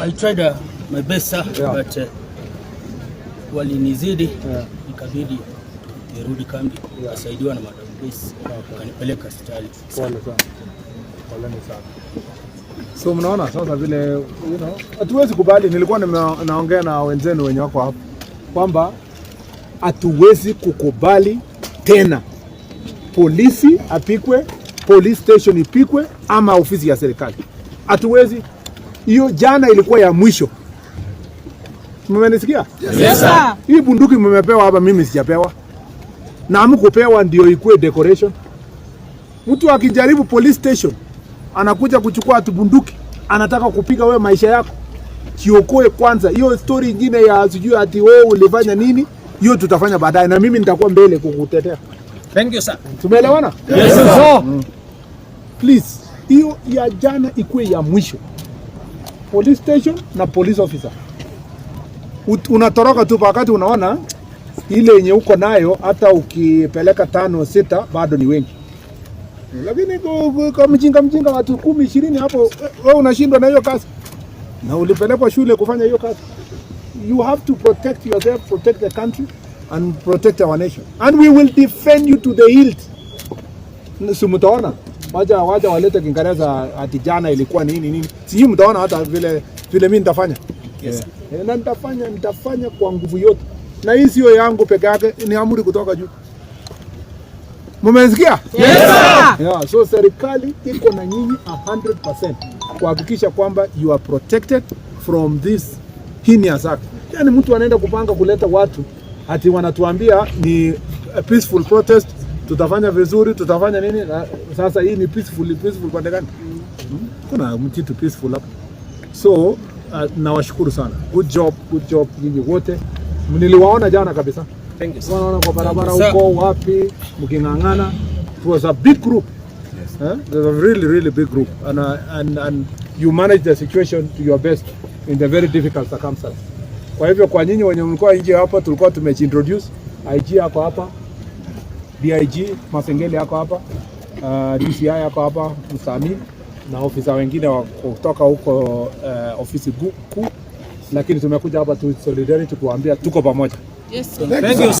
I tried uh, my best sir, yeah. but uh, walinizidi yeah. Nikabidi nirudi kambi yeah. na madam Grace kanipeleka hospitali. So mnaona sasa vile you know, hatuwezi kubali. Nilikuwa naongea na wenzenu wenye wako hapa kwamba hatuwezi kukubali tena polisi apikwe, police station ipikwe, ama ofisi ya serikali hatuwezi hiyo jana ilikuwa ya mwisho. Mmenisikia? Yes, sir. Hii bunduki mmepewa hapa, mimi sijapewa na mkupewa ndio ikuwe decoration. Mtu akijaribu police station anakuja kuchukua tu bunduki, anataka kupiga wewe maisha yako. kiokoe kwanza. Hiyo story ingine ya sijui ati wewe ulifanya nini, hiyo tutafanya baadaye, na mimi nitakuwa mbele kukutetea. Thank you sir. Tumeelewana? Yes, sir. So, please hiyo ya jana ikuwe ya mwisho police station na police officer. Unatoroka tu wakati unaona ile yenye uko nayo, hata ukipeleka tano sita bado ni wengi, lakini kwa mjinga mjinga watu kumi ishirini hapo wewe unashindwa na hiyo kazi, na ulipelekwa shule kufanya hiyo kazi. You have to protect yourself, protect the country and protect our nation and we will defend you to the hilt. Sumutaona waja waja walete Kiingereza ati jana ilikuwa nini nini, sijui mtaona hata vile vile mimi nitafanya yes. Yeah. Eh, na nitafanya nitafanya kwa nguvu yote, na hii sio yangu peke yake, ni amri kutoka juu. Mumesikia? Yes, sir. Yeah, so serikali iko na nyinyi 100% kuhakikisha kwamba you are protected from this heinous act. Yani mtu anaenda kupanga kuleta watu ati wanatuambia ni a peaceful protest tutafanya vizuri, tutafanya nini. Na sasa hii ni peaceful, peaceful pande gani? Kuna mchitu peaceful hapa So uh, nawashukuru sana, good job, good job nyinyi wote, niliwaona jana kabisa, wanaona kwa barabara huko wapi, mking'ang'ana. It was a big group yes. huh? Eh? It was a really really big group and, uh, and, and you manage the situation to your best in the very difficult circumstances. Kwa hivyo kwa nyinyi wenye mlikuwa nje hapa, tulikuwa tumeji introduce IG hapa hapa DIG Masengeli yako hapa, uh, DCI yako hapa Msami na ofisa wengine wa kutoka huko uh, ofisi kuu, lakini tumekuja hapa tu solidarity kuambia tuko pamoja. Yes,